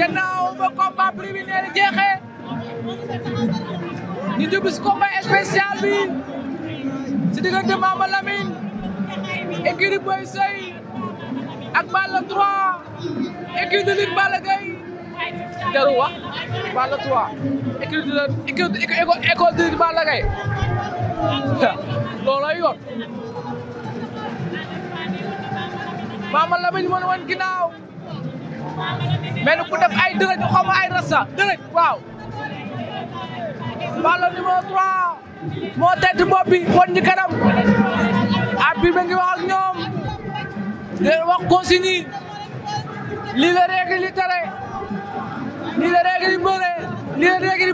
gannaaw ba combat préliminaire jeexee ñu jub si combat bi si diggante Mama Lamine écurie Boy Sey ak Balla 3 écurie de lutte Balla Gaye jaru wax Balla 3 écurie de école de lutte Balla Gaye loolay yoon Mama Lamine moo mel ni ku def ay dërëj xaw ma ay rasta dërëj waaw Balla numéro moo tedd bopp bi woon ñu kanam ab bi ma ñoom de wax consigne yi lii la règle li tere lii la règle li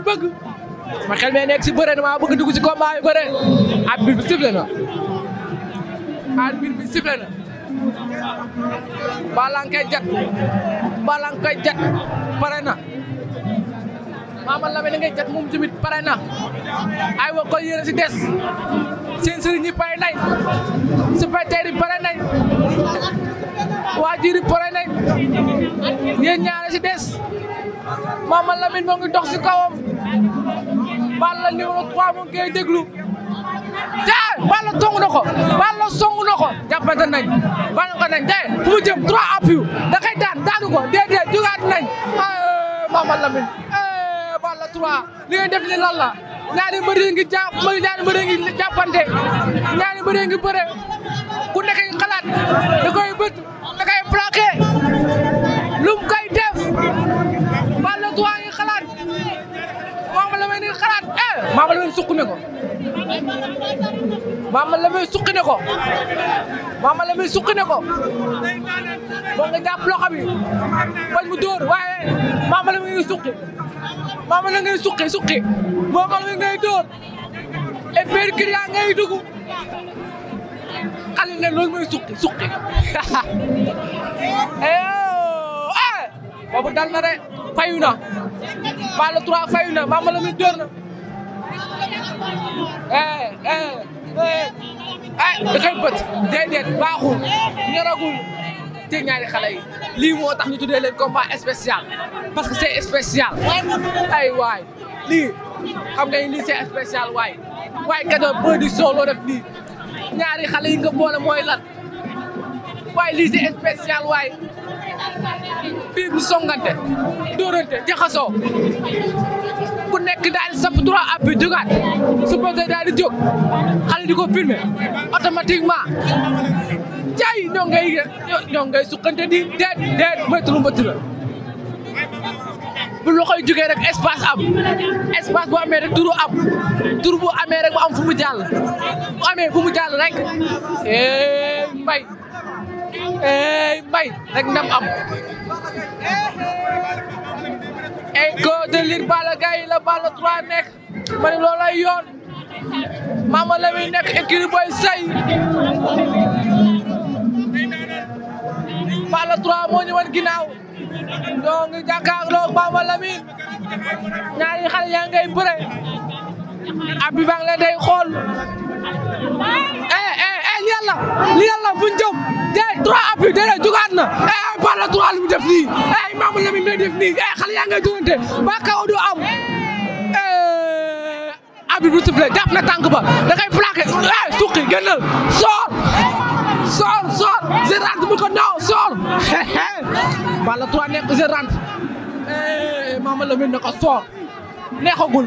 bëgg ma xel si bëre dama bëgg dugg si combat yu bëre ab bi bi ab bi bi Balankay jat Balankay jat pare na Mama Lamine ngay jat moom tamit pare na ay wa ko yéen a si des seen sëriñ ñi pare nañ supporter yi pare nañ waajur yi pare nañ yéen ñaare si des Mama Lamine moo ngi dox si kawam Balla numéro 3 mu ngi koy déglu te Balla tong na ko Balla piw da koy daan daanu ko déedéet jugaat nañ eh, Mama Lamine Balla 3 eh, li ngeen def li lan la ñaari mbër yi ngi jàpp ñaari mbër yi ngi jàppante ngi nii xalaat eh maama la may suq ne ko maama la may suq ko maama la may ko moo nga jàpp loxo bi bañ mu dóor waaye maama la ngay suqi maama la ngay suqi suqi moom la ngay dóor et percure yaa ngay dugg ne loolu mooy suqi suqi eh, oh, eh boobu dal na na Balla 3 fayu na la Lamine dóor na. eh eh eh ay ah, da koy bët déedéet baaxul ñoragul te ñaari xale yi lii moo tax ñu tuddee leen combat spécial parce que c'est spécial ay waay lii xam nga lii c'est spécial waay waay Kajoor production loo def lii ñaari xale yi nga boole mooy lan waay lii c'est spécial waay. bii songante dóorante jaxasoo ku nekk daal di sapp trois appuis jógaat supporter daal jóg xale di ko filmer automatiquement jaay ñoo ngay ñoo ngay di deet deet moytu mbëtt la bu loxoy jógee rek espace am espace bu amee rek turu am turu bu amee rek bu am fu mu jàll amee fu mu jàll rek eh, mbay ey mbay rek ndam am écho de lir Balla Gaye la Balla 3 nekk ma ne loolay yoon Mama Lamine nekk écurie Boy Sey Balla 3 moo ñu wan ginnaaw ñoo ngi jàkkaarloo Mama Lamine ñaari yaa ngay bëre abi bang la day xool li yàlla fu ñu jëm déedéet trois appuis déedéet jugaat na ay eh, par la trois mu def nii ay eh, Mamadou Lamine mi def nii ay eh, xale yaa ngay jugante ba kaw du am abit bu sifflé jàpp na tànk ba da ngay plaqué ay suqi génnal soor soor soor Géant bu ko naaw soor par la trois nekk Géant Mamadou Lamine na ko soor neexagul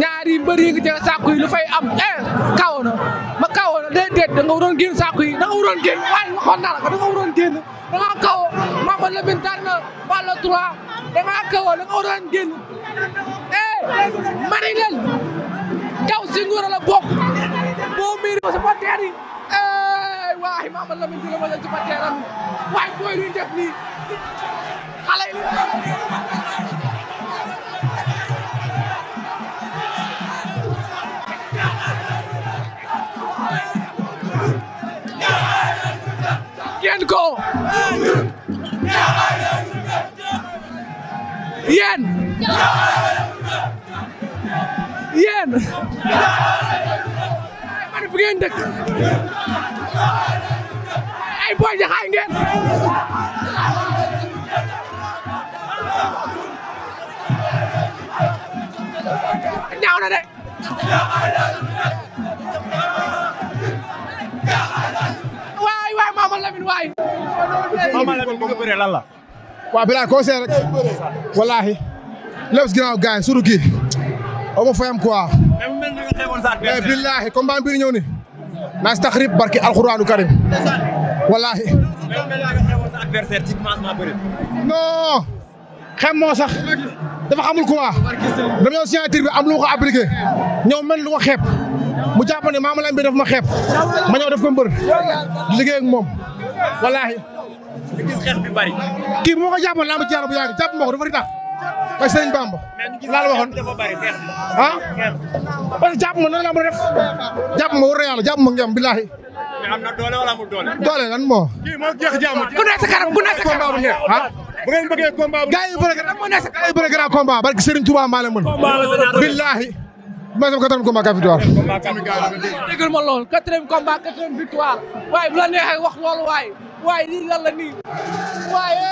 ñaari mbër yi nga jël saako yi lu fay am eh kaw na ma kaw na déedéet da nga génn saako yi da nga génn waaye waxoon naa la ko da génn da nga kaw Mama Lamine Balla 3 da nga kaw da génn eh mari leen si nguur la bokk boo miiri supporter yi eh waaye Mama Lamine dina ma la supporter am booy duñ def nii xale yéen ko yéen yéen man fu ngeen dëkk ay booy jaxaay ngeen ñaaw na de Mama Lamine bi nga bëree lan la. waaw bilaay conseil rek. wallaahi. lépp si ginnaaw gars yi surtout kii. aw ma ni naa si taxrib barki alxuraanu karim. wallaahi. non. xam moo sax. dafa xamul quoi. dañoo signature bi am lu ma ko appliqué. ñëw mel lu ko xeeb. mu jàpp ne Mama Lamine bi daf ma xeeb. ma ñëw def ko mbër. liggéey ak kii bu ma ko jàppoon laa ma ci yàlla bu yàgg jàpp ma ko dafa di tax. bay sëriñ Bamba. laa la waxoon ah. parce que jàpp ma nan la ma def. jàpp ma war na yàlla jàpp ma ngeen billahi. mais am na doole wala amul doole. doole lan moo. kii moo jeex jàmm. ku ne sa kanam ku ne sa kanam ah? bu ngeen bëggee combat bu. gars yi bëre gën a a a bu la neexee wax loolu waaye. waaye lii lan la nii waaye